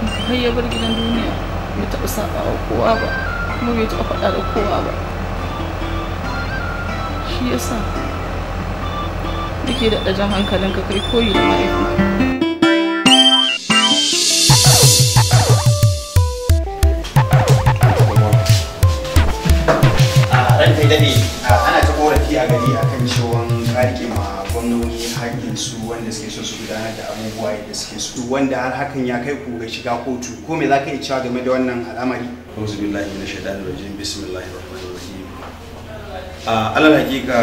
kun ka har ya bar gidan duniya bai taɓa saba wa kowa ba kuma bai taɓa faɗa da kowa ba shi yasa nake daɗa jan hankalinka kai koyi da mahaifi Thank you. ya gari a kan akan cewa karke ma gwamnoni haƙƙin su wanda suke so su gudanar da abubuwa yadda suke su wanda har hakan ya kai ku ga shiga kotu ko me za ka iya cewa game da wannan al'amari auzu billahi minash shaitani rajim bismillahir rahmanir rahim a alal ka.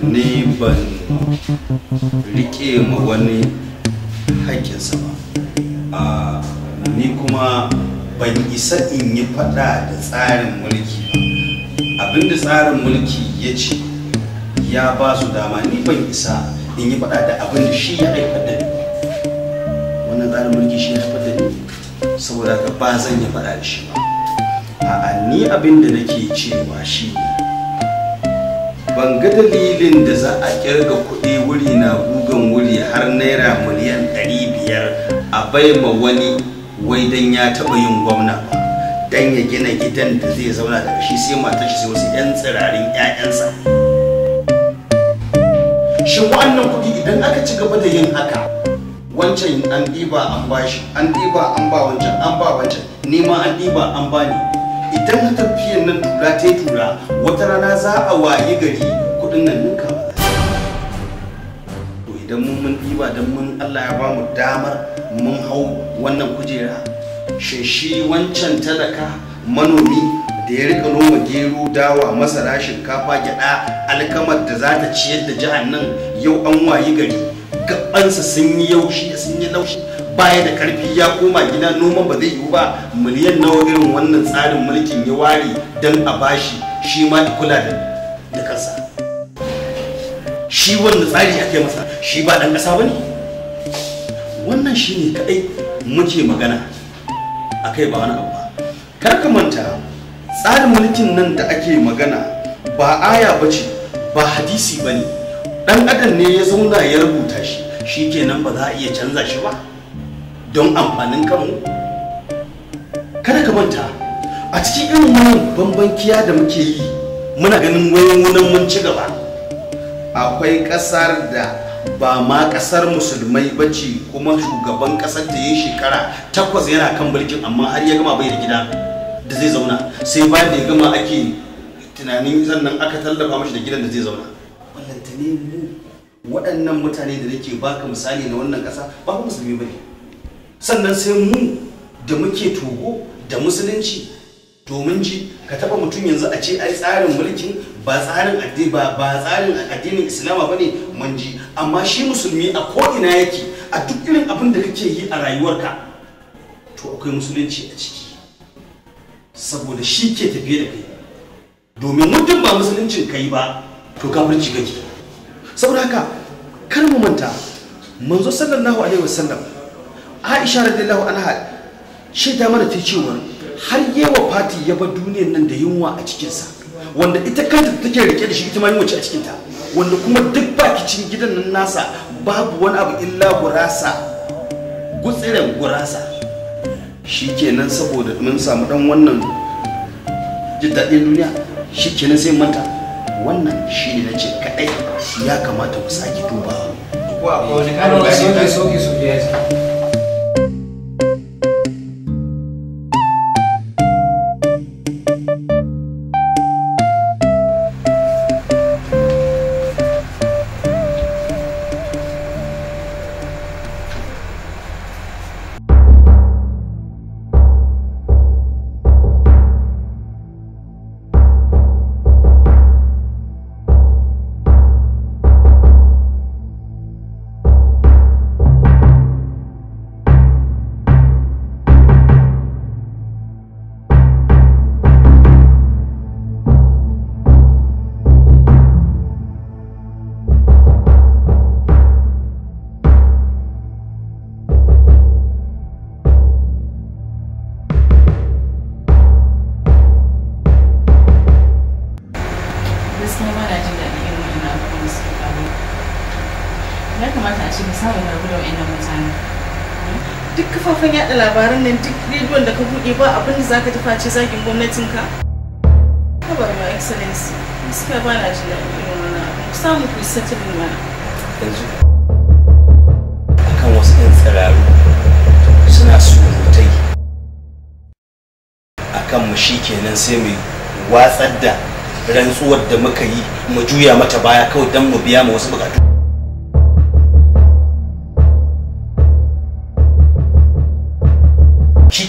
ni ban rike ma wani haƙƙinsa ba ni kuma ban isa in yi faɗa da tsarin mulki abinda tsarin mulki ya ce ya ba su dama ni ban isa in yi faɗa da abin da shi ya haifar da ni wannan tsarin mulki shi ya haifar da ni saboda ka ba zan yi faɗa da shi ba a'a ni abin da nake cewa shi ban ga dalilin da za a kirga kuɗi wuri na gugan wuri har naira miliyan ɗari biyar a ma wani wai dan ya taɓa yin gwamna ba dan ya gina gidan da zai zauna da shi sai matar shi sai wasu 'yan tsirarin 'ya'yansa shin wa'annan kuɗi idan aka ci gaba da yin haka wancan an ɗiba an bashi an ɗiba an ba wancan an ba wancan ni ma an ɗiba an ba ni idan tafiyan nan tura ta tura wata rana za a waye gari kuɗin nan ninka to idan mun mun ɗiba don mun Allah ya ba mu damar mun hau wannan kujera shi shi wancan talaka manomi da ya rika noma gero dawa masara shinkafa gyada alkamar da za ta ciyar da jihar nan yau an wayi gari gabansa sun yi yaushi sun yi laushi baya da karfi ya koma gida noman ba zai yiwu ba miliyan nawa irin wannan tsarin mulkin ya ware don a bashi shi ma da kula da kansa shi wannan tsari kai masa shi ba dan kasa bane wannan shine kadai muke magana akai ba wani abu ba kar ka manta tsarin mulkin nan da ake magana ba aya ba ce ba hadisi ba ne ɗan adam ne ya zauna ya rubuta shi shi kenan ba za a iya canza shi ba don amfanin kanmu kada ka manta a cikin irin wannan bambankiya da muke yi muna ganin wayoyin mun ci gaba akwai ƙasar da ba ma ƙasar musulmai ba ce kuma shugaban ƙasar ta yi shekara takwas yana kan mulkin amma har ya gama bai da gida da zai zauna sai bayan da ya gama ake tunanin sannan aka tallafa mashi da gidan da zai zauna wallanta ne mu waɗannan mutane da nake baka misali na wannan ƙasa ba ku musulmi ba ne sannan sai mu da muke togo da musulunci domin ji ka taɓa mutum yanzu a ce ai tsarin mulkin ba tsarin ba tsarin addinin islama ba ne mun ji amma shi musulmi a ko'ina yake a duk irin abin da kake yi a rayuwarka to akwai musulunci a ciki saboda shi ke tafiye da kai domin muddin ba musuluncin kai ba to kafirci kake saboda haka kar mu manta manzo sallallahu alaihi wasallam Aisha radiyallahu anha shi ta mana ta cewa har yawa fati ya bar duniyar nan da yunwa a cikinsa wanda ita kanta take rike da shi ita ma yunwa ce a cikinta wanda kuma duk bakicin gidan nan nasa babu wani abu illa gurasa gutsiren gurasa shi kenan saboda mun samu dan wannan jin duniya shi kenan sai manta wannan shi ne na ce kaɗai ya kamata mu sake duba. Ko akwai wani ƙarin da Soke soke soke ya ce. yada labaran nan duk rediyon da ka buɗe ba abin da za ka tafa face zagin gwamnatinka? Kabar ma excellency, suka ba na jin irin wannan abin. samu ku mana. Yanzu akan wasu ɗin tsararru suna surutai akan mu shi kenan sai mu watsar da rantsuwar da muka yi mu juya mata baya kawai don mu biya ma wasu bukatu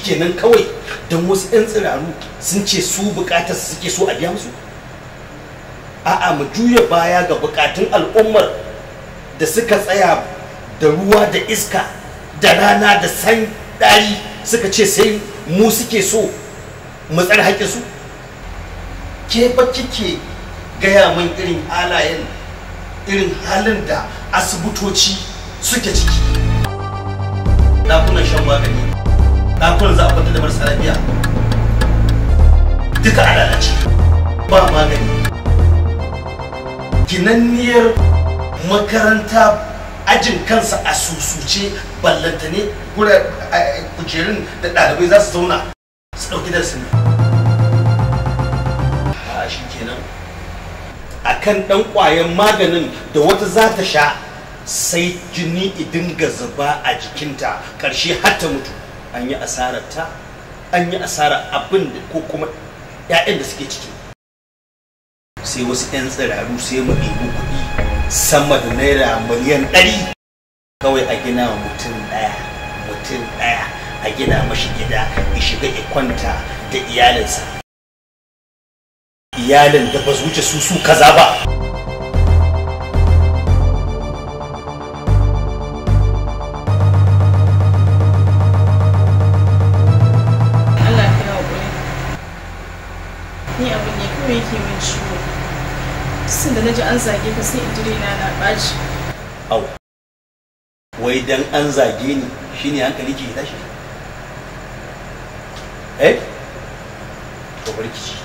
kenan kawai don wasu 'yan tsiraru sun ce su bukatar suke so a biya musu a'a mu juya baya ga bukatun al'ummar da suka tsaya da ruwa da iska da rana da san dari suka ce sai mu suke so mu tsar su ke ba kike gaya min irin halayen irin halin da asibitoci suke ciki ɗakunan shan magani ɗakunan za a kwanta da marasa lafiya duka a lalace ba magani ginanniyar makaranta ajin kansa a susuce ballantane kujerun da ɗalibai za su zauna su ɗauki darsin a shi kenan a kan ɗan ƙwayan maganin da wata za ta sha sai jini idin ga zuba a jikinta ƙarshe har ta mutu an yi asarar ta an yi asarar abin da ko kuma 'ya'yan da suke ciki sai wasu 'yan tsiraru sai mu ɗebi kuɗi sama da naira miliyan ɗari kawai a gina wa mutum ɗaya mutum ɗaya a gina mashi gida ya shiga ya kwanta da iyalinsa iyalin da ba su wuce su su kaza ba me yake min ciwo sun da naji an zage ka sai injirina na baci au wai dan an zage ni shine hankali ke tashi eh to barki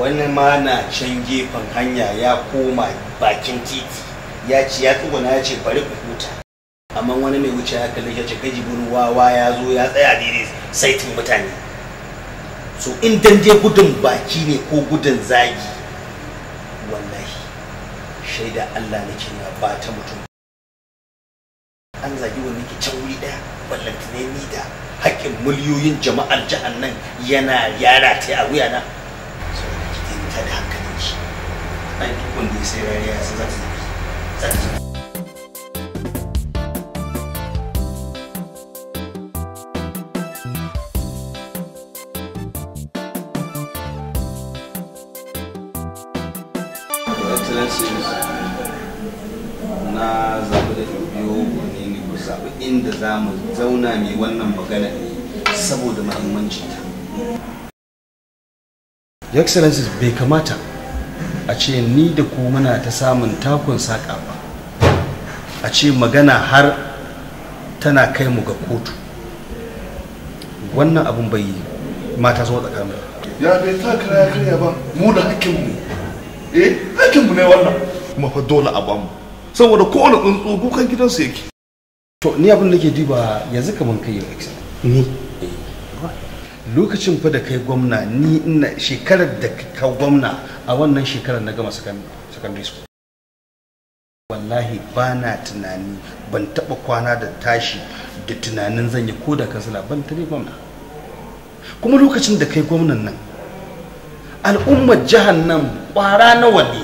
wani ma na can gefen hanya ya koma bakin titi ya ci ya tsuguna ya ce bari ku huta amma wani mai wuce ya kalle ya ce kaji wawa ya zo ya tsaya daidai saitin mutane so in dan gudun baki ne ko gudun zagi wallahi shaida Allah nake na ba ta mutum an zagi wani ke can wuri daya ballanta ne ni da hakkin miliyoyin jama'ar jihar nan yana yara ta a wuya na so da ki ta da hankalin shi An duk wanda ya sai rariya sai za ta zaɓi inda za mu zauna mai wannan magana ne saboda mahimmancinta. Your Excellencies bai kamata a ce ni da ku muna ta samun takun saƙa ba. A ce magana har tana kai mu ga kotu. Wannan abun bai mata zuwa tsakanin. Ya bai ta kira ya karya ba, mu da hakinmu. Eh, hakinmu ne wannan. Kuma fa dole a bamu. Saboda kowane tsuntsu kukan gidansu yake. to ni abin da ke duba yanzu kaman kai yau excel ni eh. lokacin fa da kai gwamna ni ina shekarar da ka gwamna a wannan shekarar na gama secondary school wallahi ba na tunani ban taba kwana da tashi da tunanin zan yi ko da kansila ban ta ne gwamna kuma lokacin da kai gwamnan nan al'ummar jihar nan kwara nawa ne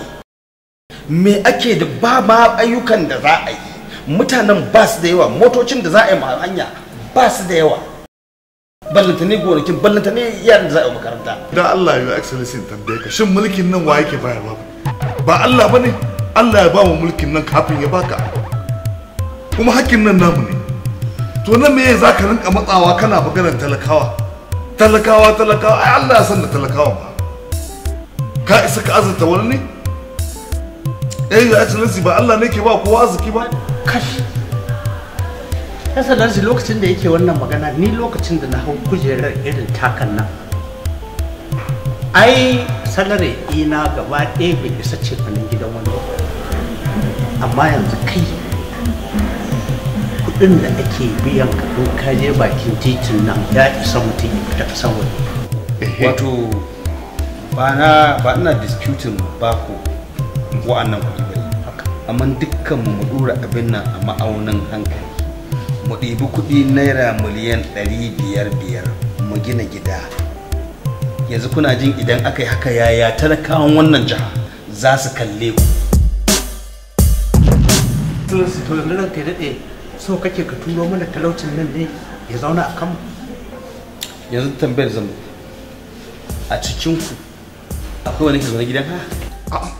me ake da ba ayyukan da za a yi mutanen ba su da yawa motocin da za a yi hanya ba su da yawa ballanta ne gonakin ballanta ne yaran da za a yi makaranta da Allah ya excellency tambaye ka shin mulkin nan wa yake bayarwa ba Allah bane Allah ya ba mu mulkin nan kafin ya baka kuma hakkin nan namu ne to nan me za ka rinka matsawa kana maganar talakawa talakawa talakawa ai Allah ya san da talakawa ba ka isa ka azanta wani ne eh ya excellency ba Allah ne ke ba kowa arziki ba kashi ya sadarsu lokacin da yake wannan magana ni lokacin da na hau kujerar irin takan nan ai salari ina gaba ɗaya bai isa ce fanin gidan wani amma yanzu kai kudin da ake biyan ka ka je bakin titin nan ya isa mutum ya fita kasan wani. wato ba na ba ina disputing ba ko wa'annan kuɗi ba amma dukkan mu dura abin nan a ma'aunin hankali mu ɗibi kuɗi naira miliyan ɗari biyar biyar mu gina gida yanzu kuna jin idan aka yi haka yaya talakawan wannan jiha za su kalle ku to yanzu ranka daɗe so kake ka turo mana talaucin nan ne ya zauna a kanmu yanzu tambayar zamu a cikin ku akwai wani ke zaune gidan ha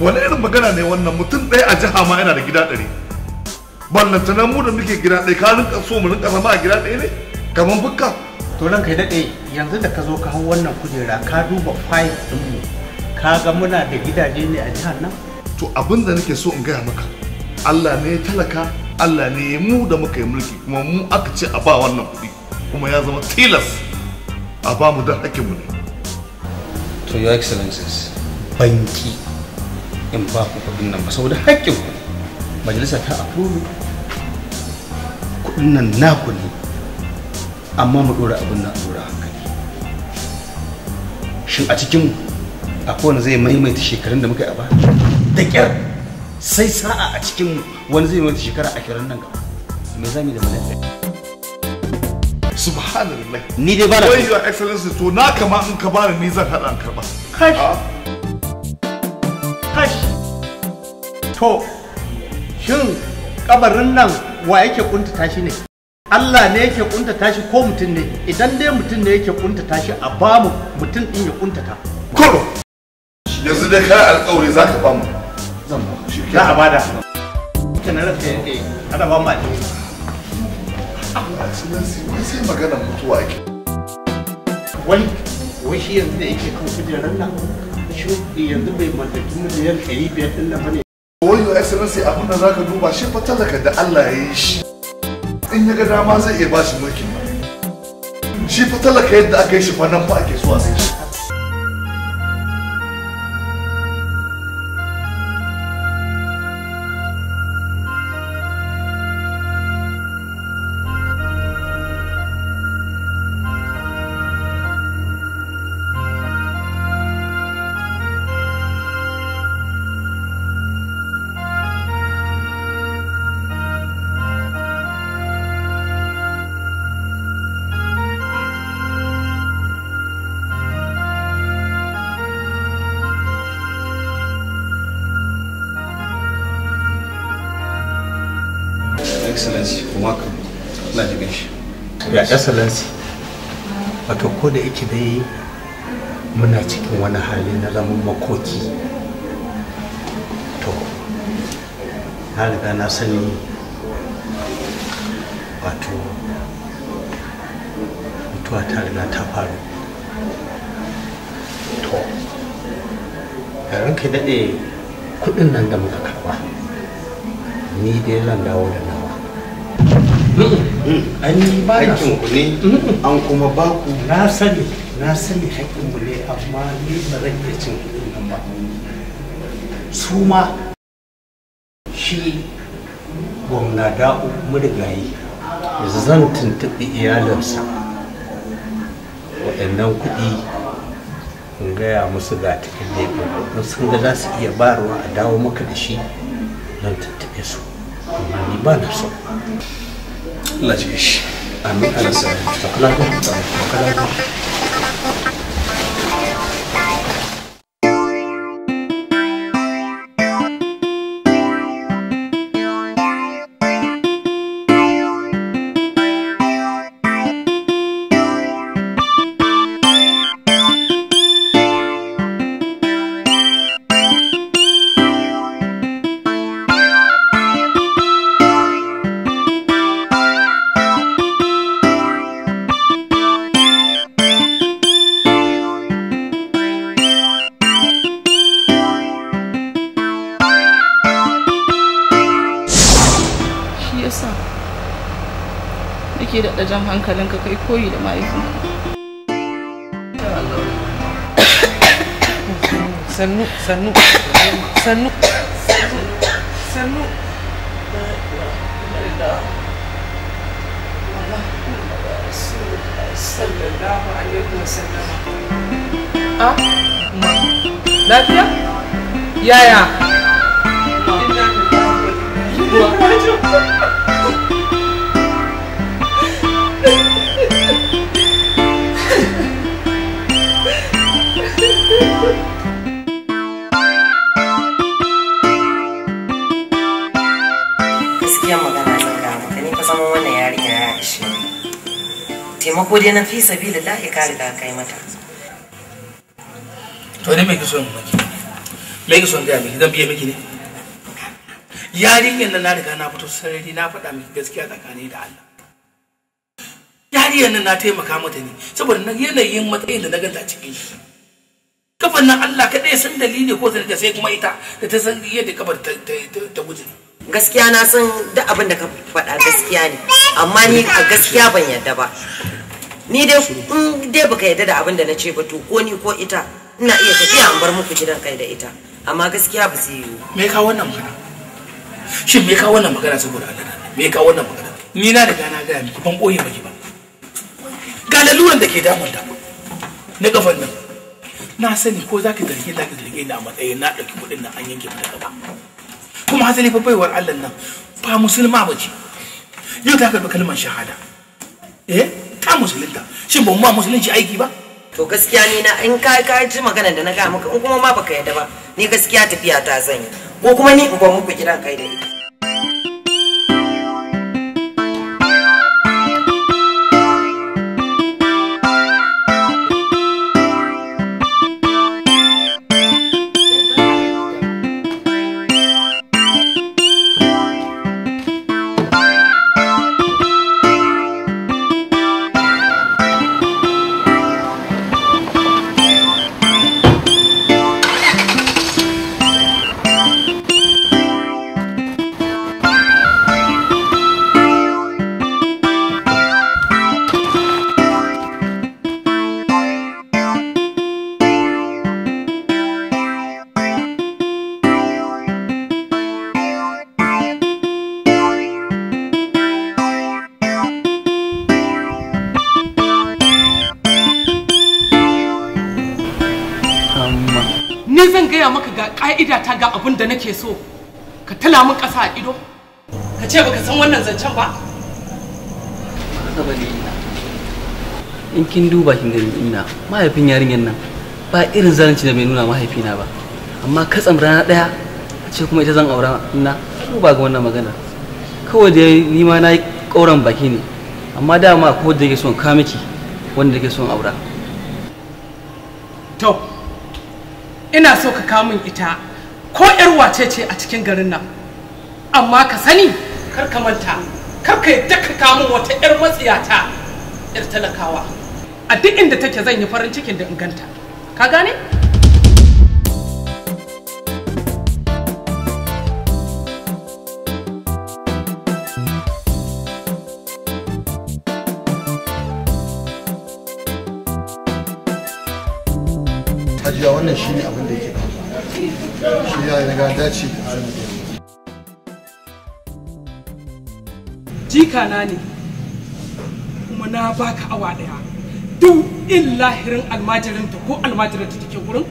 wani irin magana ne wannan mutum ɗaya a jiha ma yana da gida ɗari ballantana mu da muke gida ɗaya ka rinka so mu rinka zama a gida ɗaya ne kamar bukka to nan kai daɗe yanzu da ka zo ka hau wannan kujera ka duba fayil mu ka ga muna da gidaje ne a jihar nan to abin da nake so in gaya maka Allah ne ya talaka Allah ne ya mu da muka yi mulki kuma mu aka ce a ba wannan kuɗi kuma ya zama tilas a ba mu da hakkinmu ne to your excellences banki in ba ku kudin nan ba saboda haƙƙin ku majalisa ta approve kudin nan naku ne amma mu ɗora abin nan dora hankali shin a cikin akwai wanda zai maimaita shekarun da muka yi a ba da ƙyar sai sa'a a cikin wani zai maimaita shekara ashirin nan gaba me za mu da mu subhanallah ni dai ba na wai your excellency to na kama in ka bani ni zan hada an kai ah. kash to shin kabarin nan wa yake kuntata shi ne Allah ne yake kuntata shi ko mutum ne idan dai mutum ne yake kuntata shi a bamu mutum din ya kuntata kuro yanzu da ka alƙawari za ka bamu zan ba shi za a bada kana rafe yake ana ba mu alheri sai magana mutuwa ke wai wai shi yanzu da yake kan kujerar nan shuɗi yanzu bai mallaki miliyan ɗari biyar ɗin nan bane. Wai yau excellency abin da zaka duba shi fa talaka da Allah ya yi shi. In ya ga dama zai iya ba shi ba. Shi fa talaka yadda aka yi shi fa nan fa ake so a sai shi. excellency kuma na ya excellency wato ko da yake dai muna cikin wani hali na zaman makoki to na riga na sani wato mutuwa ta riga ta faru to yaran ka daɗe kuɗin nan da muka karɓa ni dai zan dawo da an yi ba ku ne an kuma ba ku na sani na sani haƙƙin mu ne amma ni ba zan iya cin kuɗin nan ba su ma shi gwamna da'u murgayi zan tuntuɓi iyalinsa waɗannan kuɗi in gaya musu ga tafiye in sun ga za su iya barawa a dawo maka da shi zan tuntuɓe su amma ni ba na so الله يجيش آمين أنا سعيد شكرا لكم yake da jan hankalinka kai koyi da mahaifinka sannu sannu sannu sannu ah, lafiya yaya taimako dai na fi sabilillahi ka riga kai mata to dai me son miki me son ga miki dan biye miki ne yarinyar nan na riga na fito sarari na faɗa miki gaskiya tsakani da Allah yariyar nan na taimaka mata ne saboda na yanayin matsayin da na ganta cikin shi kafan nan Allah kaɗai san dalili ko sanar sai kuma ita da ta san yadda kafar ta guje gaskiya na san duk abin da ka faɗa gaskiya ne amma ni a gaskiya ban yadda ba ni dai in dai baka yadda da abin da na ce ba to ko ni ko ita ina iya tafiya an bar muku gidan kai da ita amma gaskiya ba zai yiwu me ka wannan magana shin me ka wannan magana saboda Allah me ka wannan magana ni na riga na ga miki ban koyi miki ba ga laluran da ke damun ta na kafan nan na sani ko zaki zarge zaka zarge ni a matsayin na dauki kudin nan an yanke mu gaba kuma hasali fa baiwar Allah nan ba musulma ba ce yau ta karbi kalmar shahada eh ta musulunta shin ban ba musulunci aiki ba to gaskiya ni na in kai kai ji magana da na ga maka in kuma ma baka yadda ba ni gaskiya tafiya ta zan ko kuma ni in ba muku gidan kai da ita kin duba kin gani ina mahaifin yarinyar nan ba irin zalunci da mai nuna mahaifina ba amma katsam rana daya a ce kuma ita zan aura ina duba ga wannan magana kawai da ni ma na yi ƙauran baki ne amma dama ko da yake son ka miki wanda yake son aura to ina so ka kamun ita ko yar wace ce a cikin garin nan amma ka sani kar ka manta kar ka yadda ka kamun wata yar matsiyata yar talakawa a duk inda take zan yi farin cikin da in ganta ka gane hajiya wannan shi ne abin da yake da shi ya yi dace da ce jika na ne kuma na baka awa daya. duk illahirin almajirinta ko almajirinta take gurin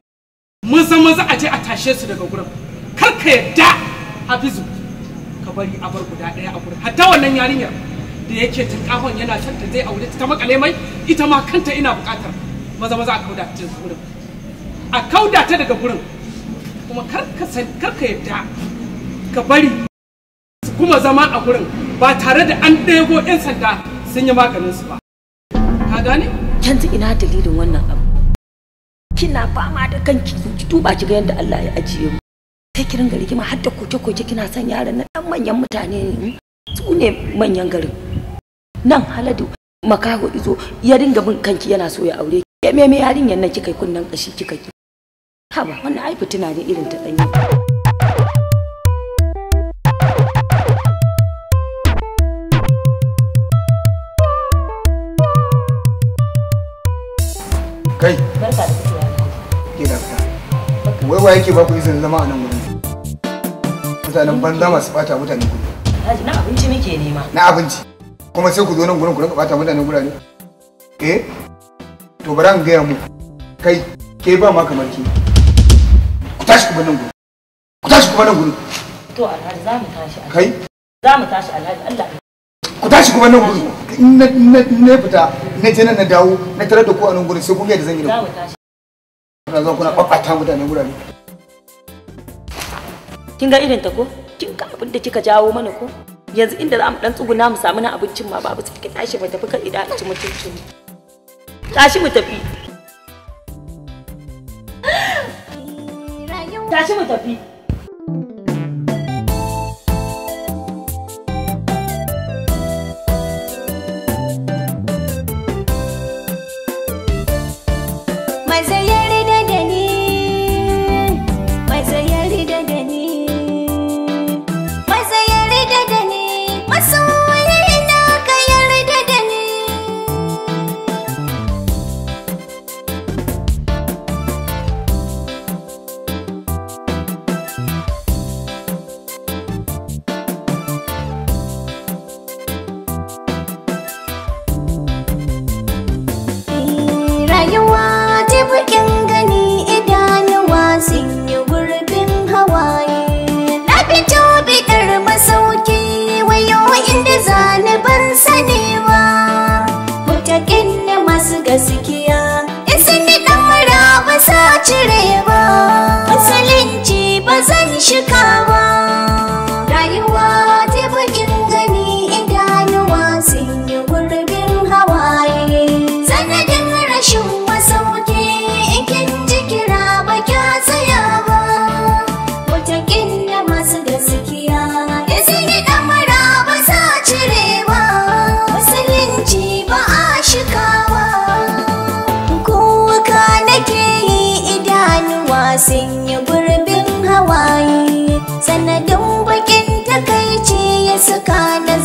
maza maza a je a tashe su daga gurin kar ka yadda hafizu ka bari a bar guda ɗaya a gurin hatta wannan yarinyar da yake tinkahon yana son ta zai aure ta makale mai ita ma kanta ina buƙatar maza maza a kauda ta gurin a kauda ta daga gurin kuma kar ka kar ka yadda ka bari kuma zama a gurin ba tare da an ɗebo 'yan sanda sun yi maganin su ba ka gane yanzu ina dalilin wannan abu kina fama da kanki ki tuba ki ga yadda Allah ya ajiye mu sai ki ringa rigima har da koke-koke kina san yaran na dan manyan mutane ne su ne manyan garin nan haladu makaho izo ya ringa bin kanki yana so ya aure ki me me yarinyar nan kika kunnan kashi kika ki haba wannan ai fitina ne irin ta danyi Kai. Barka da kuke Ke da ka. Wai wai yake ba ku izinin zama a nan gurin? Mutanen banza masu bata mutane kuɗi. Haji na abinci muke nema. Na abinci. Kuma sai ku zo nan gurin ku rinka bata mutane gurare. Eh? To bari an gaya muku. Kai ke ba ma kamar ki. Ku tashi ku nan gurin. Ku tashi ku nan gurin. To Alhaji za mu tashi. Kai? Za mu tashi Alhaji Allah. Ku tashi ku nan gurin. na na je nan na dawo na tare da ku a nan gurin sai kun da zan yi da ku na zo kuna babbata mutane gurare kin ga irin ta ko kin ga abin da kika jawo mana ko yanzu inda za mu dan tsuguna mu samu na abincin ma babu sai ki tashi mu tafi kan ida ci mutuncin tashi mu tafi tashi mu tafi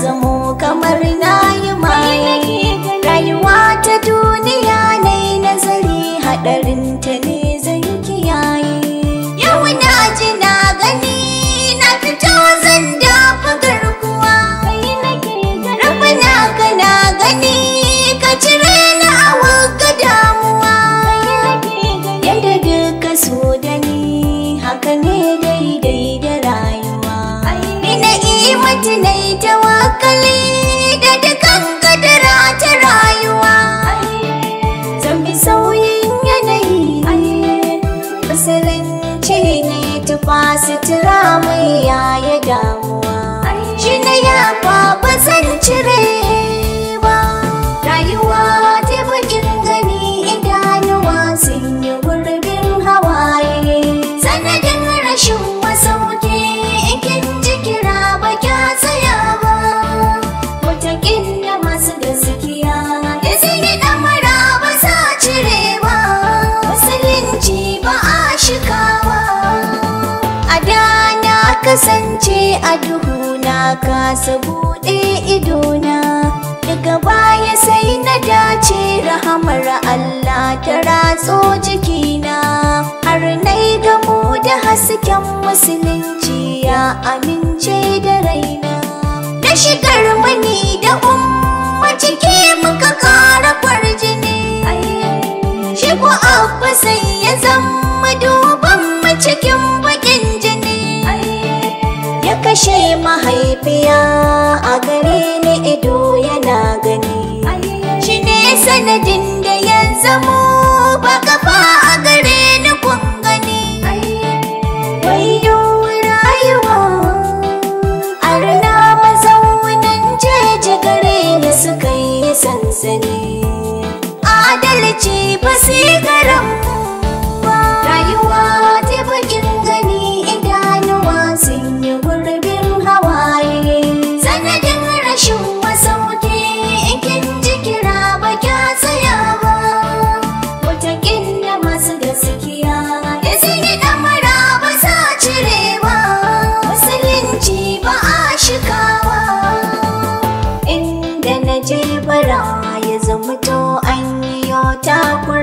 zamo kamar kasance a duhu na kasa buɗe idona daga baya sai na dace rahamar Allah ta ratso jikina har nai gamu da hasken musulunci ya amince da raina na shigar mani da umma ciki muka ƙara kwarjini shi ko abu sai ya zama duban mu cikin baki rashin mahaifiya a gare ni ido yana gani shi ne sanadin da ya zamo ba fa a gare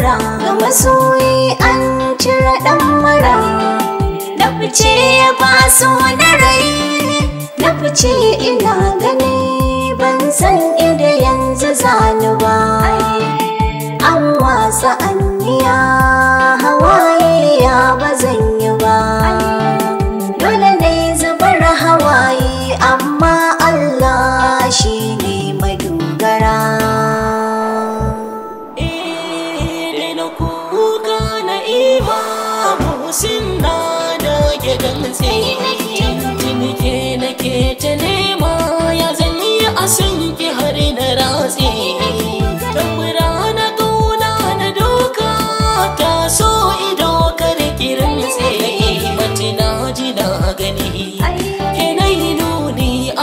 mara ga masoyi an cire dan mara na fice ya ba su na rai na fice ina gani ban san inda yanzu zani ba an wasa anniya hawaye ya bazan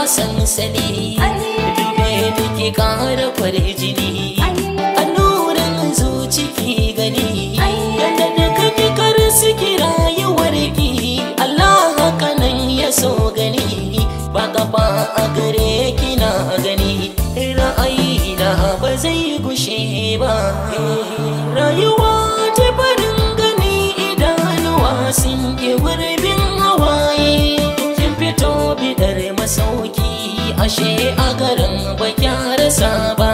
sansani dube duki kara farin jini annurin zuci ki gani yadda duka su suke rayuwar ki Allah haka nan ya so gani ba gaba a gare kina na gani ra'ayi na ba zai gushe ba rayuwa ta farin gani idanuwa sun ke wuri. sauki ashe a garin ba sa ba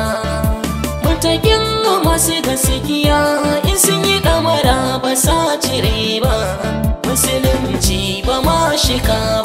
matakin masu gaskiya in sun yi damara ba sa cire ba musulunci ba ma shika ba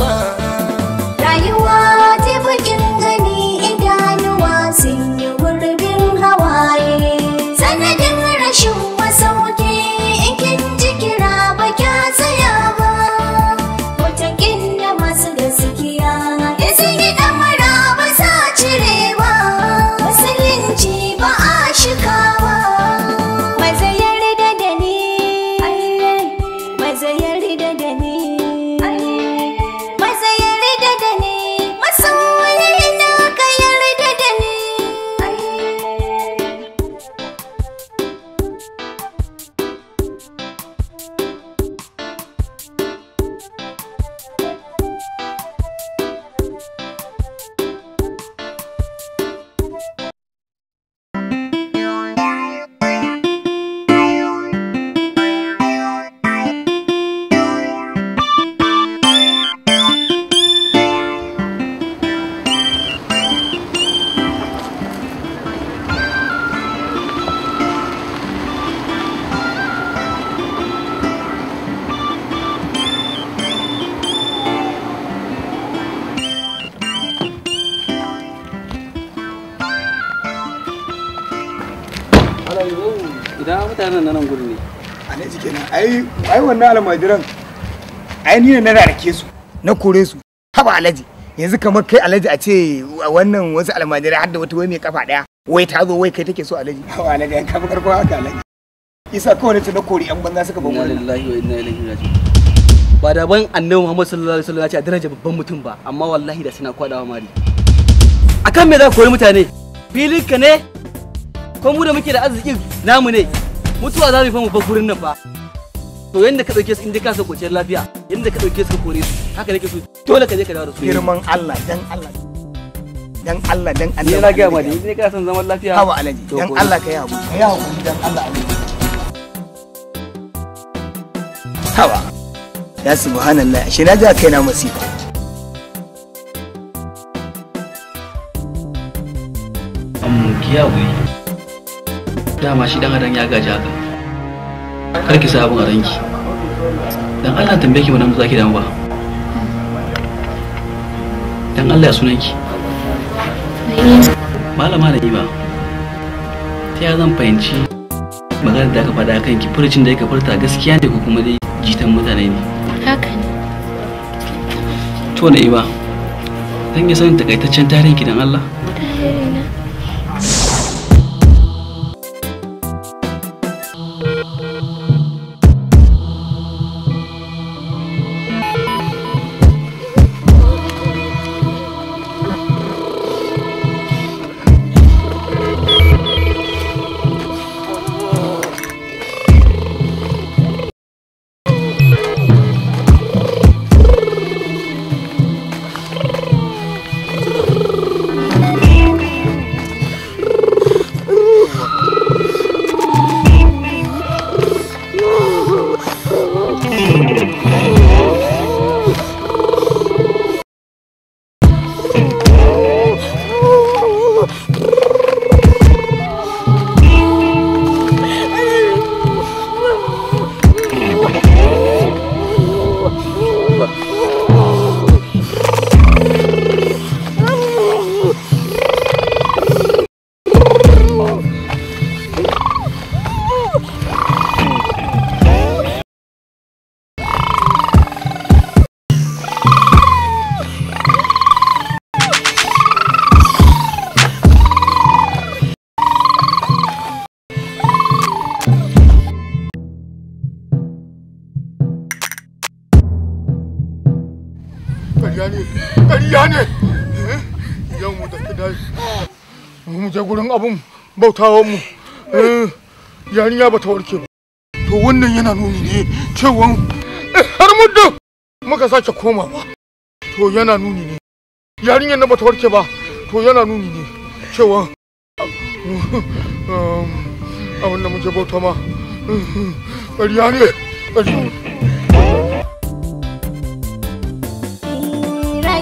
ai ai wannan almajiran ai ni ne na rarke su na kore su haba alaji yanzu kamar kai alaji a ce wannan wasu almajirai har da wata wai mai kafa daya wai ta zo wai kai take so alaji haba alaji ai kafa karko haka alaji isa kawai ne ta na kore yan banza suka ban wannan lillahi wa inna ilaihi raji'un ba da ban annabi Muhammad sallallahu alaihi wasallam ya ce a daraja babban mutum ba amma wallahi da suna kwadawa mari akan me za ka kori mutane filin ka ne ko mu da muke da arziki namu ne mutuwa za mu fa mu bar gurin nan fa to yanda ka dauke su inda ka sa kwanciyar lafiya yanda ka dauke su ka kore su haka nake so dole ka je ka dawo da su girman Allah dan Allah dan Allah dan Allah ne na ga ma ne ka san zaman lafiya hawa alaji dan Allah ka yi hakuri ka yi hakuri dan Allah alaji hawa ya subhanallah shi na ga kaina masifa amma kiyawe dama shi dan adan ya gaji haka kar ki sa abin a ranki dan Allah tambaye ki wannan zaki damu ba dan Allah ya sunan ki malama da ba ta ya zan fahimci maganar da aka faɗa kan ki furcin da ya furta gaskiya ne ko kuma dai jitan mutane ne haka ne to na ba zan yi sanin takaitaccen tarihin ki dan Allah ya ne eh, yau mu tafi da mu je gurin abun bautawan mu eh, yarinya ba ta warke ba to wannan yana nuni ne cewa eh, har muddin muka sake ba to yana nuni ne yarinyar na ba ta warke ba to yana nuni ne cewa um, abin da muke bauta ma ƙarya ne ƙarya